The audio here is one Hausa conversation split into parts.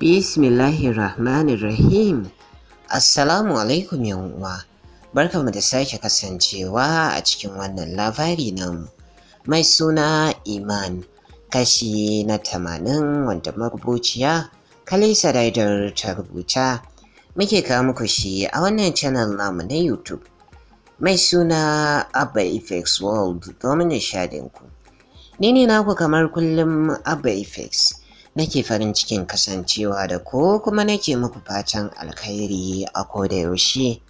Bismillahirrahmanirrahim. Assalamu alaikum uwa. mu da sake kasancewa a cikin wannan labari namu. Mai suna Iman, kashi na tamanin wanda marubuciya Kalisa Raidar ta rubuta. Muke kawo muku shi a wannan channel namu na YouTube. Mai suna Abba Effects World domin nishadinku. Ni ne naku kamar kullum Abba Effects. nake farin cikin kasancewa da ko kuma nake muku fatan alkhairi a koda yaushe.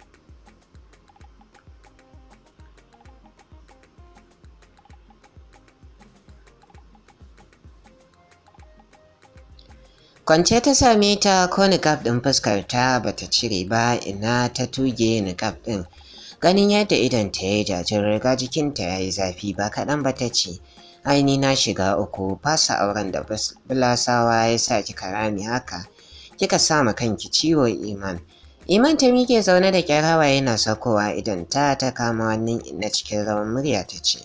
Kwance ta same ta ko niƙaf ɗin fuskarta ba ta cire ba ina ta tuge niƙaf ɗin. Ganin yadda idon ta ya jajin riga jikinta ya yi zafi ba kaɗan ba ta ce, aini na shiga uku fasa auren da bulasawa ya sa kika rami haka kika sa ma kanki ciwo iman iman ta mike zaune da kyar hawa yana sakowa idan ta ta kama wannan na cikin rawan murya ta ce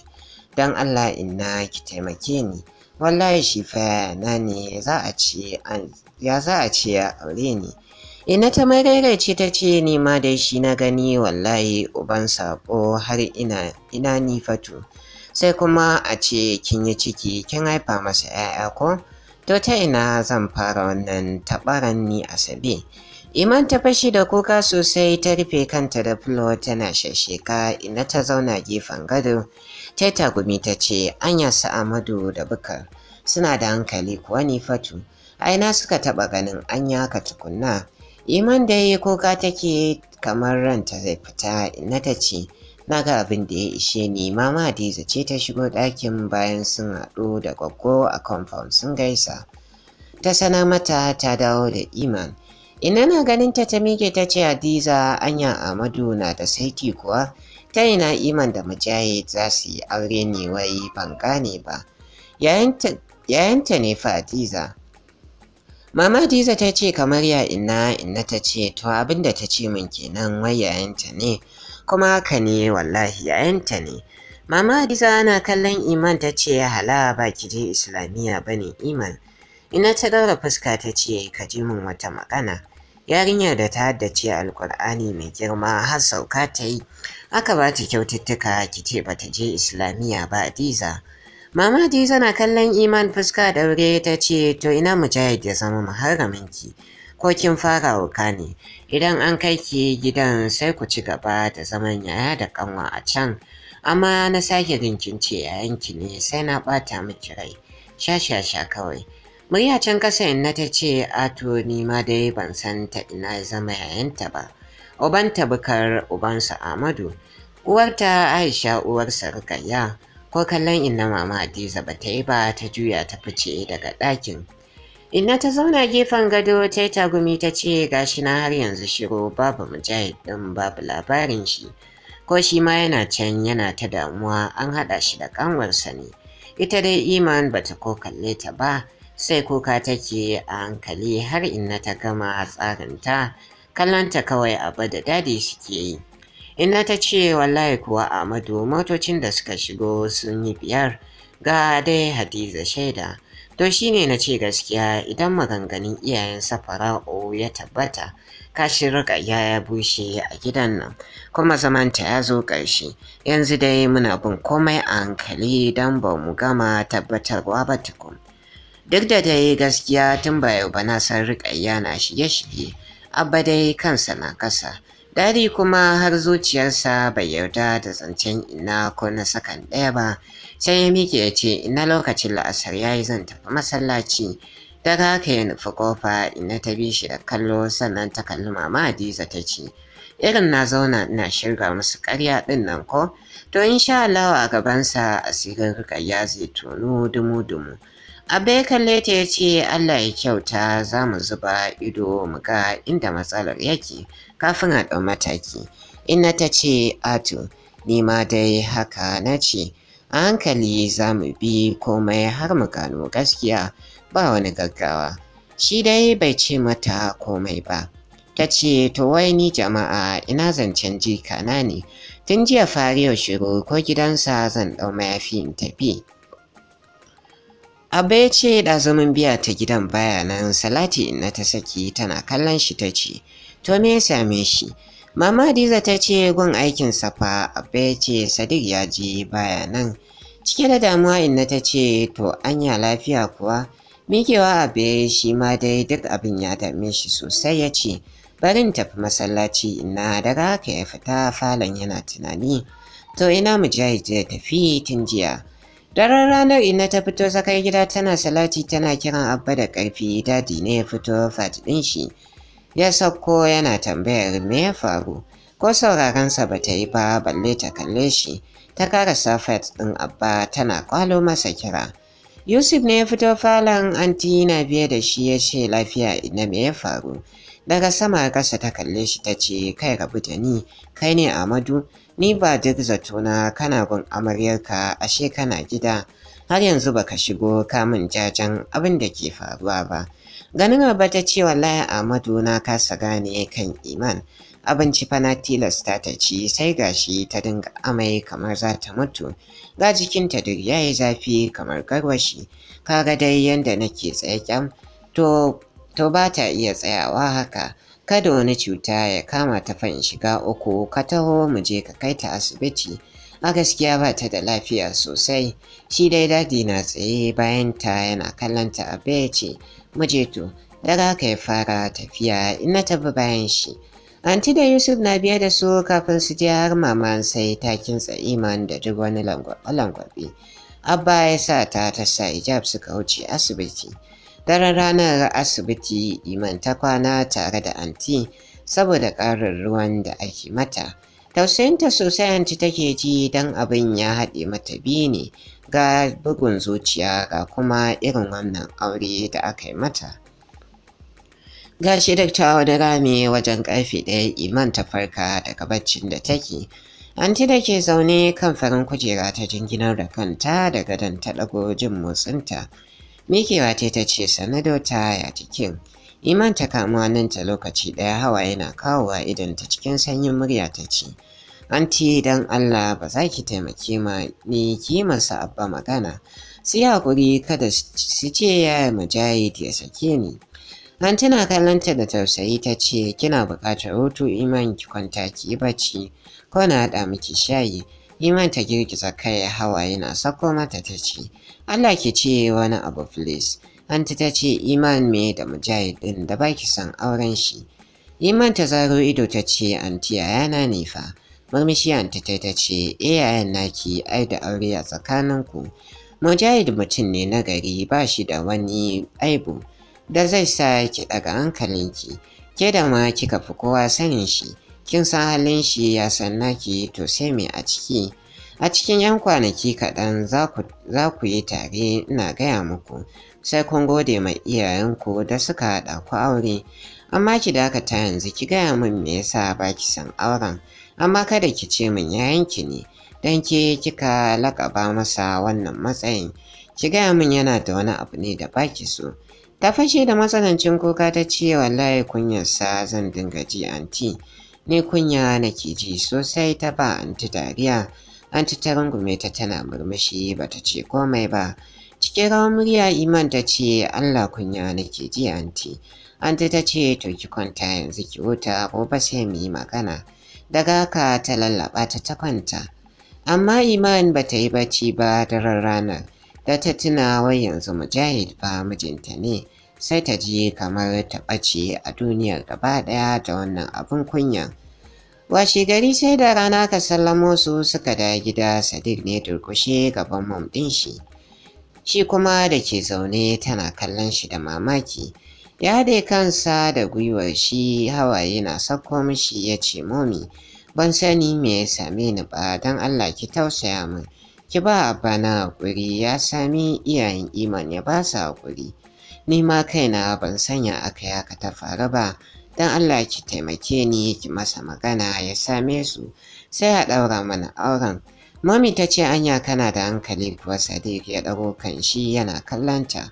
don allah inna ki taimake ni wallahi shi fa na ne za a ce ya za a ce ya aure ni ina ta mai ce ta ce ni ma dai shi na gani wallahi uban sako har ina ina ni fato sai kuma a ce kin yi ciki kin haifa masa 'ya'ya ko to ta ina zan fara wannan tabaran ni asabe iman ta fashi da kuka sosai ta rufe kanta da fulo tana shasheka ina ta zauna gefen gado ta tagumi ta ce anya su amadu da bukar suna da hankali kuwa ni fatu aina suka taba ganin anya ka tukunna iman da yi kuka take kamar ranta zai fita na ta ce na ga abin da ya ishe ni mama Hadiza ce ta shigo ɗakin bayan sun haɗu da gwaggo a compound sun gaisa ta sana mata ta dawo da iman ina na ganin ta ta mike ta ce Hadiza anya Amadu na da saiti kuwa ta ina iman da mujahid za su yi aure ne wai ban gane ba yayanta ne fa Hadiza Mama Hadiza ta ce kamar ya ina inna ta ce to abin da ta ce min kenan wai yayanta ne kuma haka ne wallahi yayanta ne. Mama Hadiza ana kallon Iman ta ce hala ba ki je Islamiya bane ne Iman. Ina ta daura fuska ta ce ka ji min wata magana. Yarinyar da ta haddace Alkur'ani mai girma har sauka ta yi. Aka ba ta kyaututtuka ki ce ba ta je Islamiya ba Hadiza. Mamadi ji kallon Iman fuska daure ta ce to ina Mujahid ya zama muharraminki ko kin fara wuka ne idan an kai ki gidan sai ku ci gaba da zaman yaya da kanwa a can amma na sake rinkin ce yayanki ne sai na bata miki rai sha sha kawai murya can kasa inna ta ce a to ni ma dai ban san ta ina zama yayanta ba uban ubansu ubansa Ahmadu uwarta Aisha uwarsa Rukayya ko kallon inna mama Hadiza ba ta yi ba ta juya ta fice daga ɗakin. Inna ta zauna gefen gado ta yi tagumi ta ce gashi na har yanzu shiru babu mujahid ɗin babu labarin shi. Ko shi ma yana can yana ta damuwa an haɗa shi da ƙanwarsa ne. Ita dai Iman bata ko kalle ta ba sai kuka take a hankali har inna ta gama tsarinta kallonta kawai abu da dadi suke yi. Inna ta ce wallahi kuwa Ahmadu motocin da suka shigo sun yi biyar ga dai Hadiza shaida. To shine na ce gaskiya idan maganganun iyayen o ya tabbata kashin rikayya ya bushe a gidan nan kuma zamanta ya zo ƙarshe yanzu dai muna bin komai a hankali don ba mu gama tabbatarwa ba tukun. Duk da dai gaskiya tun ba yau ba na san rikayya na shige-shige abba dai kansa na kasa. Dadi kuma har zuciyarsa bai yarda da zancen ina ko na sakan ɗaya ba, sai ya miƙe ya ce ina lokacin la'asar ya yi zan tafi masallaci. Daga haka ya nufi ƙofa ina ta bi shi da kallo sannan ta kalli mama Hadiza ta ce, Irin na zauna ina shirga musu ƙarya ɗin nan ko? To insha Allah a gabansa asirin rikayya zai tono dumu-dumu. Abe kalle ta ya ce Allah ya kyauta za mu zuba ido mu ga inda matsalar yake kafin a ɗau mataki. Inna ta ce Ato, ni ma dai haka na ce, a hankali za mu bi komai har mu gano gaskiya ba wani gaggawa. Shi dai bai ce mata komai ba. Ta ce, To wai ni jama'a ina zancen jikana ne, tun jiya fariyar shiru ko gidansa zan ɗau mayafi in tafi. Abba ya ce da zaman biya ta gidan baya nan Salati na ta saki tana kallon shi ta ce, To me ya same shi? Mama Hadiza ta ce gun aikin safa Abba ya ce Sadiq ya je baya nan. Cike da damuwa inna ta ce to anya lafiya kuwa? Mikewa Abba shi ma dai duk abin ya dame shi sosai ya ce, Barin tafi masallaci inna daga haka ya fita falon yana tunani. To ina mujahid ya tafi tun jiya. Daren ranar ina ta fito sakar gida tana salati tana kiran abba da ƙarfi dadi ne ya fito fat ɗin shi. Ya sauko yana tambayar me ya faru, ko saurarensa ba ta yi ba balle ta kalle shi, ta karasa safet ɗin abba tana kwalo masa kira. Yusuf ne ya fito falon anti na biye da shi ya ce lafiya ina me ya faru. Daga sama kasa ta kalle shi ta ce kai rabu da ni, kai ne Amadu, ni ba duk zatona kana gun amaryarka ashe kana gida har yanzu baka shigo kamun jajen abin da ke faruwa ba ganin Abba ta ce wallahi Ahmadu na kasa gane kan iman abinci fa na tilasta ta ci sai gashi ta dinga amai kamar za ta mutu ga jikinta duk yayi zafi kamar garwashi kaga dai yanda nake tsaye to to ba ta iya tsayawa haka kada wani cuta ya kama ta fan shiga uku ka taho mu je ka kai ta asibiti a gaskiya ba ta da lafiya sosai shi dai dadi na tsaye bayan ta yana kallon ta a bece ce mu je to daga ka fara tafiya in na tafi bayan shi Anti da Yusuf na biya da su kafin su je har mama sai ta takin iman da duk wani langwabe. Abba ya sa ta ta sa hijab suka wuce asibiti. Daren ranar asibiti Iman ta kwana tare da anti saboda ƙarin ruwan da ake mata. Tausayinta sosai anti take ji don abin ya haɗe mata biyu ne ga bugun zuciya ga kuma irin wannan aure da aka yi mata. Ga shi ta wani rami wajen ƙarfe ɗaya Iman ta farka daga baccin da take. Anti da ke zaune kan farin kujera ta jinginar da kanta da gadon ta ɗago jin motsinta. Mikewa ce ta ce sanado ta ya cikin. Iman ta kamuwa nan ta lokaci ɗaya hawa yana kawowa idan ta cikin sanyin murya ta ce. Anti dan Allah ba za ki taimake ma ni kimarsa abba magana. Su hakuri kada su ce ya mujahid ya sake ni. An tana kallonta da tausayi ta ce kina buƙatar hutu iman ki kwanta ki yi bacci ko na haɗa miki shayi. Iman ta girgiza kai hawaye na sako mata ta ce, Allah ki ce wani abu please. Anta ta ce Iman me da mujahid ɗin da baki son auren shi. Iman ta zaro ido ta ce anti yayana ne fa. Murmushi anta ta ta ce e yayan naki ai da aure a tsakaninku. Mujahid mutum ne na gari ba shi da wani aibu da zai sa ki daga hankalinki. Ke da ma kika fi kowa sanin shi. kin san halin shi ya sanna ki to sai me a ciki a cikin 'yan kwanaki kaɗan za ku yi tare ina gaya muku sai kun gode ma iyayenku da suka haɗa ku aure amma ki dakata yanzu ki gaya min me yasa ba ki san auren amma kada ki ce min yayanki ne dan ke kika laƙaba masa wannan matsayin ki gaya min yana da wani abu ne da ba ki so ta fashe da matsanancin kuka ta ce wallahi kunyarsa zan dinga ji anti ne kunya nake ji sosai ta ba anti dariya. Anti ta rungume ta tana murmushi bata ce komai ba. Cikin rawar murya Iman ta ce Allah kunya nake ji anti. Anti ta ce to ki kwanta yanzu ki huta ba sai mu yi magana. Daga haka ta lallaba ta ta kwanta. Amma Iman bata yi bacci ba daren ranar. Da ta tuna wai yanzu Mujahid ba mijinta ne. sai ta ji kamar ta ɓace a duniyar gaba ɗaya da wannan abin kunya. Washi gari sai da rana ka sallamo su suka da gida Sadiq ne durkushe gaban mom ɗin shi. Shi kuma da ke zaune tana kallon shi da mamaki. Ya dai kansa da gwiwar shi hawaye na sakko mishi ya ce momi ban sani me ya same ni ba don Allah ki tausaya min. Ki ba abana haƙuri ya sami iyayen iman ya ba su haƙuri. ni ma kaina ban sanya aka yaka ta faru ba don Allah ki taimake ni ki masa magana ya same su sai a ɗaura mana auren mami ta ce anya kana da hankali kuwa sadiq ya ɗago kan shi yana kallanta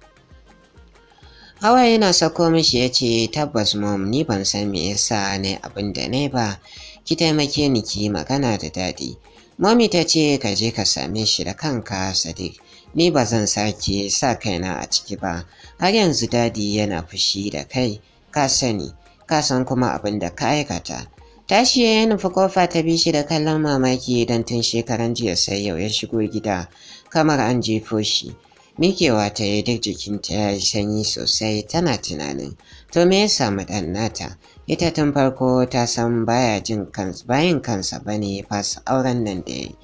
hawa yana sako mishi ya ce tabbas mom ni ban san me yasa ne abin da ne ba ki taimake ni ki magana da daɗi mami ta ce ka je ka same shi da kanka sadiq ni ba zan sake sa kaina a ciki ba har yanzu dadi yana fushi da kai ka sani ka san kuma abin da ka aikata tashi ya nufi kofa ta bi shi da kallon mamaki don tun shekaran jiya sai yau ya shigo gida kamar an jefo shi mikewa ta yi duk jikinta ya yi sanyi sosai tana tunanin to me ya samu ɗan nata ita tun farko ta san baya jin bayan kansa bane fasa auren nan da ya yi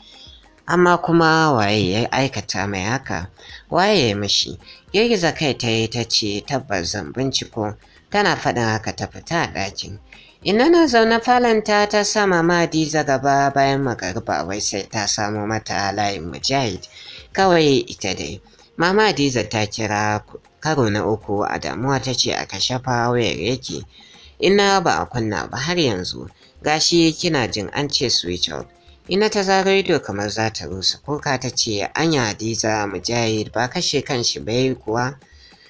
amma kuma waye ya aikata mai haka waye ya mishi girgiza kai ta yi ta ce tabbas zan binciko tana faɗin haka ta fita a ɗakin ina na zaune falanta ta sama madiza gaba bayan magarba wai sai ta samo mata layin mujahid kawai ita dai mama Hadiza ta kira karo na uku a damuwa ta ce a kashe wayar yake ina ba a kunna ba har yanzu gashi kina jin an ce switch off Ina ta zagayo ido kamar za ta rusa kuka ta ce anya Hadiza Mujahid ba kashe kanshi bai kuwa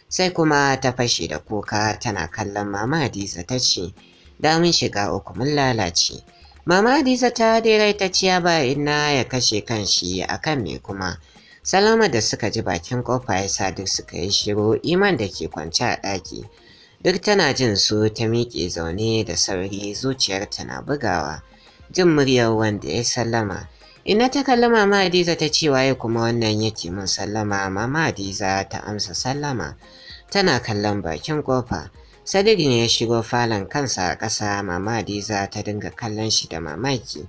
sai kuma ta fashe da kuka tana kallon mama Hadiza ta ce damun shiga uku mun lalace. Mama Hadiza ta dairai ta ciya ba ina ya kashe kanshi akan me kuma. Salama da suka ji bakin kofa ya sa duk suka yi shiru iman da ke kwance a ɗaki. Duk tana jin su ta miƙe zaune da sauri zuciyarta na bugawa. jin muryar wanda ya sallama. Ina ta kalli mama Hadiza ta ce waye kuma wannan yake mun sallama mama Hadiza ta amsa sallama tana kallon bakin kofa. Sadiq ne ya shigo falon kansa a ƙasa mama Hadiza ta dinga kallon shi da mamaki.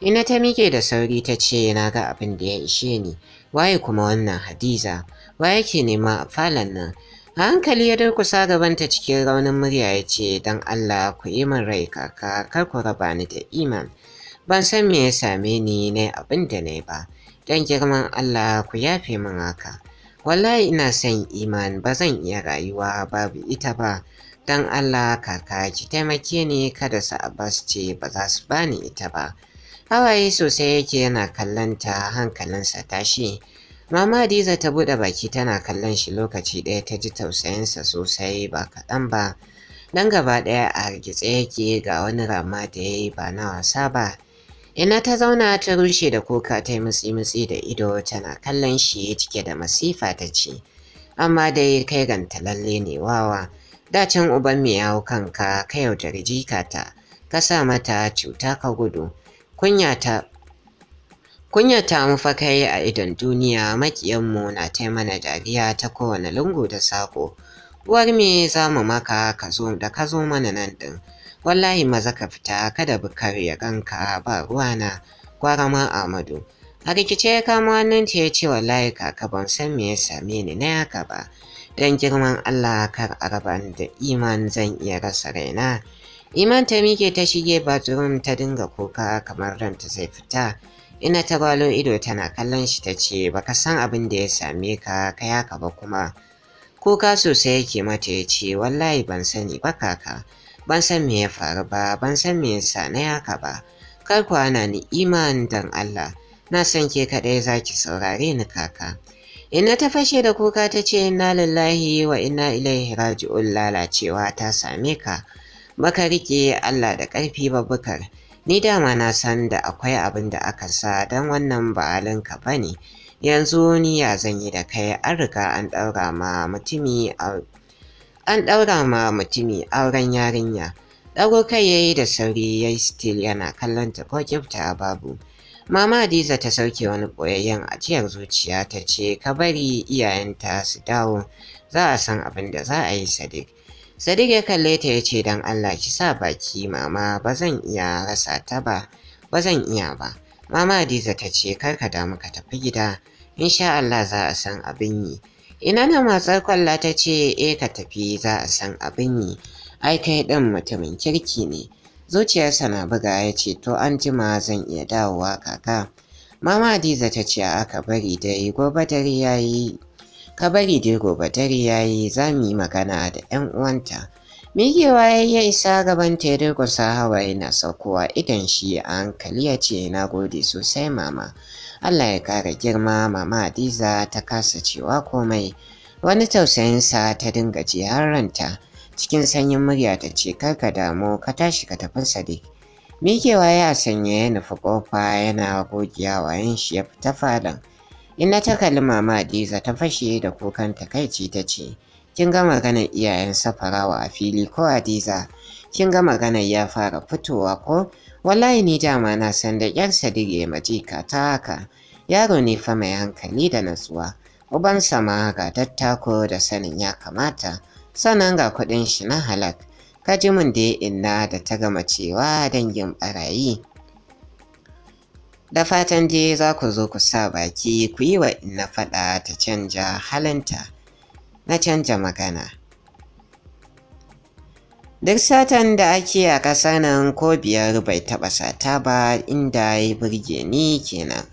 Ina ta mike da sauri ta ce na ga abin da ya ishe ni waye kuma wannan Hadiza waye ke nema a falon nan hankali ya durkusa gabanta cikin raunin murya ya ce, Don Allah ku yi min rai kaka, kar ku raba ni da iman. Ban san me ya same ni na abin da ne ba, don girman Allah ku yafe min haka. Wallahi ina son iman ba zan iya rayuwa babu ita ba, don Allah kaka ki taimake ni kada su Abbas ce ba za su bani ita ba. Hawaye sosai yake yana kallon hankalinsa tashi. Mama Hadiza ta buɗe baki tana kallon shi lokaci ɗaya ta ji tausayinsa sosai ba kaɗan ba. Dan gaba ɗaya a hargitse yake ga wani rama da ya yi ba na wasa ba. Ina ta zauna ta rushe da kuka ta yi mutsi-mutsi da ido tana kallon shi cike da masifa ta ce, amma dai kai ganta lalle ne wawa, Da can uban hau kanka ka yaudari jikata, ka sa mata cuta ka gudu, kunya ta Kunyata mu fa a idon duniya maƙiyanmu na ta mana dariya ta kowane lungu da sako. Uwar me za mu maka ka zo da ka zo mana nan ɗin. Wallahi maza ka fita kada bi ya ganka ba ruwa na, gwarama Amadu. A rikice ya kama ta ya ce wallahi kaka ban san me ya same ni na yaka ba. Don girman Allah kar araban da iman zan iya rasa raina. Iman ta mike ta shige bathroom ta dinga kuka kamar ranta zai fita. Ina ta balo ido tana kallon shi ta ce baka san abin da ya same ka ya ka ba kuma. Kuka sosai yake mata ya ce wallahi ban sani ba kaka. Ban san me ya faru ba, ban san me yasa na ka ba. Kar ku ana ni iman dan Allah. Na san ke kaɗai zaki saurare ni kaka. Ina ta fashe da kuka ta ce inna lillahi wa inna ilaihi raji'un lalacewa ta same ka. Baka rike Allah da ƙarfi bukar Ni dama na san da akwai abin da aka sa don wannan baalinka ba ne. Yanzu ni ya zan yi da kai an riga an ɗaura ma mutumi an ɗaura ma mutumi auren yarinya. Ɗago kai ya yi da sauri ya yi stil yana kallon ta ko a babu. Mama Hadiza ta sauke wani ɓoyayyen ajiyar zuciya ta ce ka bari iyayenta su dawo za a san abin da za a yi Sadiq. Sadiq ya kalle ta ya ce don Allah ki sa baki mama ba zan iya rasa ta ba, ba zan iya ba. Mama Hadiza ta ce kar ka damu ka tafi gida, insha Allah za a san abin yi. Ina na matsar kwalla ta ce e ka tafi za a san abin yi, ai kai ɗin mutumin kirki ne. Zuciyarsa na buga ya ce to an ma zan iya dawowa kaka. Mama Hadiza ta ce aka bari dai gobe dare ya yi ka bari dai gobe dare yayi za mu yi magana da 'yan uwanta Migewa ya ya isa gaban terir kusa hawaye na saukowa idan shi a hankali ya ce na gode sosai mama. Allah ya kara girma mama Adiza ta kasa cewa komai. Wani tausayinsa ta dinga ji ranta cikin sanyin murya ta ce kar ka damu ka tashi ka tafi sadiq. Migewa ya sanya ya nufi kofa yana gogiya wayan shi ya fita falon. Inna ta kalli mama Hadiza ta fashe da kukan takaici ta ce, Kin ga maganar iyayen safarawa a fili ko Hadiza? Kin ga maganar ya fara fitowa ko? Wallahi ni dama na san da ƴar Sadiq majika ta haka. Yaro ne fa mai hankali da natsuwa. Uban sama ga tattako da sanin ya kamata. sanan ga kuɗin shi na halak. Ka ji mun da inna da ta gama cewa dangin barayi. Da fatan je za ku zo ku sa baki ku yi wa na faɗa ta canja halinta na canja magana. Duk satan da ake a ƙasa nan ko biyar bai taɓa sata ba inda ya burge ni kenan.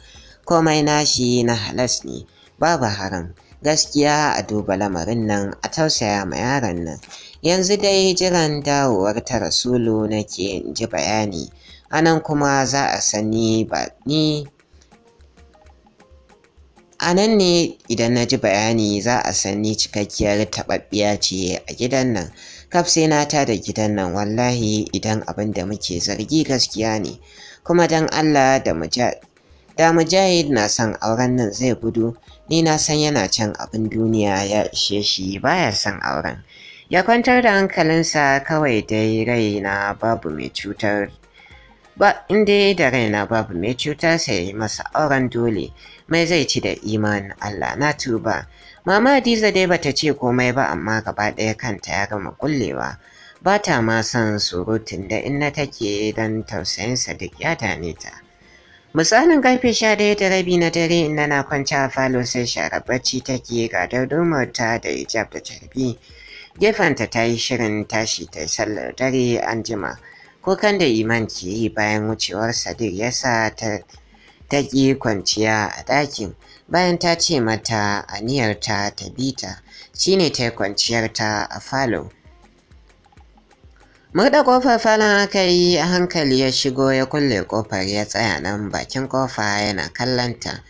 Komai nashi na halas ne, babu haram. Gaskiya a duba lamarin nan a tausaya ma yaron nan. Yanzu dai jiran dawowar ta rasulu nake in ji bayani anan kuma za a sani ba ni a nan ne idan na ji bayani za a sani cikakkiyar taɓaɓɓiya ce a gidan nan kaf sai na ta da gidan nan wallahi idan abin da muke zargi gaskiya ne kuma don allah da mujahid da mujahid na son auren nan zai gudu ni na san yana can abin duniya ya ishe shi baya son auren ya kwantar da hankalinsa kawai dai raina babu mai cutar ba inda da raina babu mai cuta sai yi masa auren dole mai zai ci da imanin Allah na tuba mama Hadiza dai bata ce komai ba amma gaba ɗaya kanta ya gama kullewa ba ta ma son surutun da inna take don tausayinsa duk ya dame ta. Misalin karfe sha ɗaya da rabi na dare ina na kwanci a falo sai share bacci take ga dardumar ta da hijab da carbi. Gefen ta yi shirin tashi ta sallar dare an jima. Kukan da Iman ke yi bayan wucewar Sadiq ya sa ta ƙi kwanciya a ɗakin bayan ta ce mata aniyarta ta bi ta shi ne ta kwanciyarta a falo. Murɗa ƙofar falon aka yi a hankali ya shigo ya kulle ƙofar ya tsaya nan bakin ƙofa yana kallonta.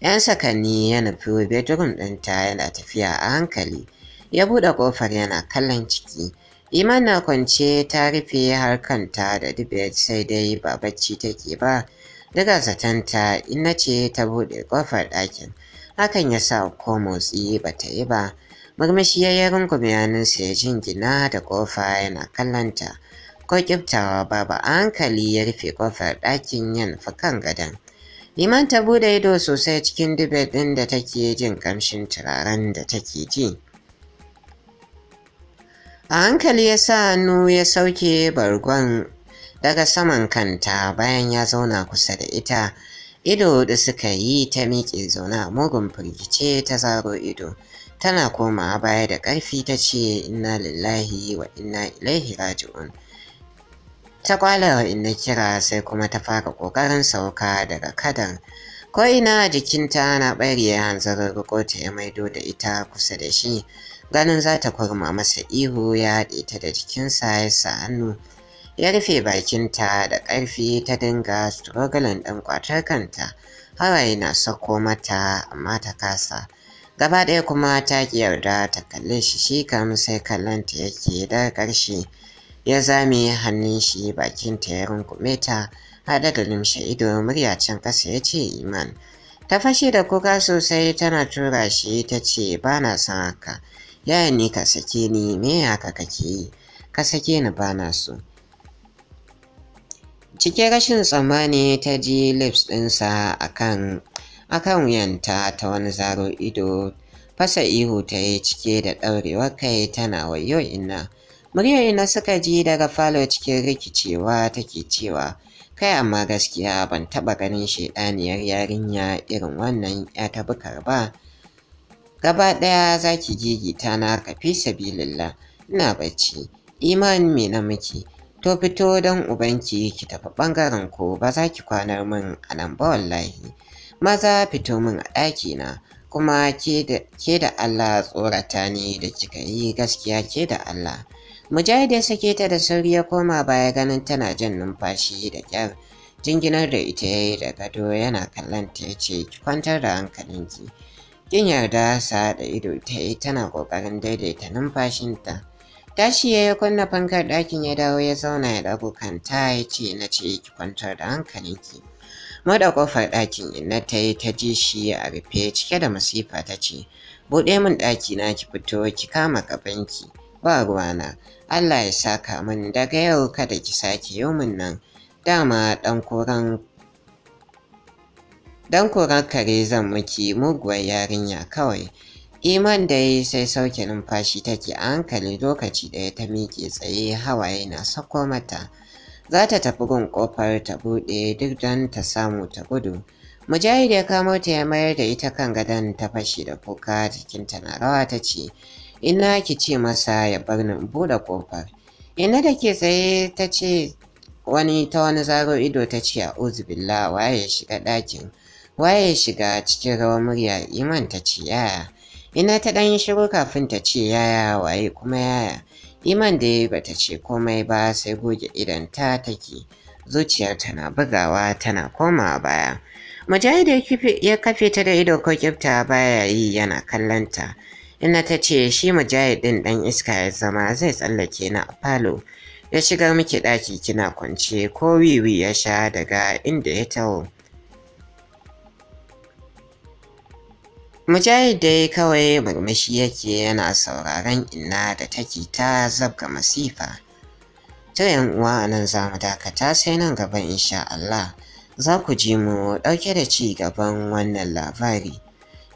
‘Yan sakanni ya nufi bedroom ɗinta yana tafiya a hankali. Ya buɗe ƙofar yana kallon ciki. Iman na kwance ta rufe harkanta da dubiyar sai dai ba bacci take ba daga zatanta inna ce ta buɗe ƙofar ɗakin hakan ya sa ko motsi ba ta yi ba murmushi ya yi rungume hannunsa ya jingina da ƙofa yana kallonta ko ƙiftawa babu a hankali ya rufe ƙofar ɗakin ya nufi kan gadon Iman ta buɗe ido sosai cikin dubiyar ɗin da take jin ƙamshin turaren da take ji. a hankali ya sa hannu ya sauke bargon daga saman kanta bayan ya zauna kusa da ita ido da suka yi ta miƙe zauna mugun firgice ta zaro ido tana komawa baya da ƙarfi ta ce inna lillahi wa inna ilaihi raji'un ta kwala wa inna kira sai kuma ta fara ƙoƙarin sauka daga kadan ko ina jikinta na ɓariya hanzarin riko ta ya maido da ita kusa da shi ganin za ta kurma masa ihu ya haɗe ta da jikinsa ya sa hannu ya rufe bakinta da ƙarfi ta dinga struggling ɗin ƙwatar kanta hawaye na sako mata amma ta kasa gaba ɗaya kuma ta ƙi yarda ta kalle shi shi kam sai kallonta yake da ƙarshe ya zame hannun shi bakinta ya rungume ta haɗa da limshe ido murya can ƙasa ya ce iman ta fashe da kuka sosai tana tura shi ta ce ba na son haka yaya ni ka sake ni me ka kake yi ka sake ni bana so cike rashin tsammani ta ji lips ɗinsa akan akan wuyanta ta wani zaro ido fasa ihu ta yi cike da ɗaurewar kai tana wayo ina muryar ina suka ji daga falo cikin rikicewa take cewa kai amma gaskiya ban taɓa ganin shaidaniyar yarinya irin wannan ya ta karba ba gaba ɗaya za ki gigita na ka fi sabilillah ina bacci imani me na miki to fito don ubanki ki tafi ɓangaren ko ba za ki kwanar min a nan ba wallahi maza fito min a ɗaki na kuma ke da Allah tsorata ne da kika yi gaskiya ke da Allah mujahid ya sake ta da sauri ya koma baya ganin tana jan numfashi da kyar jinginar da ita ya yi da gado yana kallon ta ya ce ki kwantar da hankalinki Kin yarda Sa'a da ido ta yi tana ƙoƙarin daidaita numfashinta. Tashi ya yi kunna fankar ɗakin ya dawo ya zauna ya ɗago kanta ya ce na ce ki kwantar da hankalinki. Mada ƙofar ɗakin inna ta yi ta ji shi a rufe cike da masifa ta ce, Buɗe min ɗaki na ki fito ki kama gabanki ba ruwana. Allah ya saka min daga yau kada ki sake min nan. Dama ɗan koran don koran kare zan muki muguwar yarinya kawai iman da yi sai sauke numfashi take a hankali lokaci ɗaya ta miƙe tsaye hawaye na sako mata za ta tafi gun kofar ta buɗe duk don ta samu ta gudu mujahid ya kamo ta ya mayar da ita kan gadon ta fashe da kuka jikinta na rawa ta ce ina ki ce masa ya bar ni buɗe ƙofar ina da ke tsaye ta ce wani ta wani zaro ido ta ce a uzubillah waye ya shiga ɗakin waye shiga cikin rawar murya iman ta ce yaya ina ta ɗan shiru kafin ta ce yaya waye kuma yaya iman dai bata ce komai ba sai goge idan ta take zuciyar tana bugawa tana koma baya mujahid ya kafe ta da ido ko kifta baya yi yana kallanta ina ta ce shi mujahid ɗin ɗan iska ya zama zai tsallake na falo ya shiga miki ɗaki kina kwance ko wiwi ya sha daga inda ya taho Mujahid dai kawai murmushi yake yana sauraron inna da take ta zabga masifa. Ta yan uwa nan za mu dakata sai nan gaba insha Allah za ku ji mu ɗauke da ci gaban wannan labari.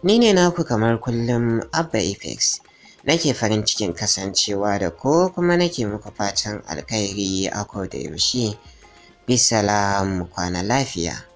Ni ne naku kamar kullum Abba Apex. Nake farin cikin kasancewa da ko kuma nake muku fatan alkhairi a da yaushe. Bisalam kwana lafiya.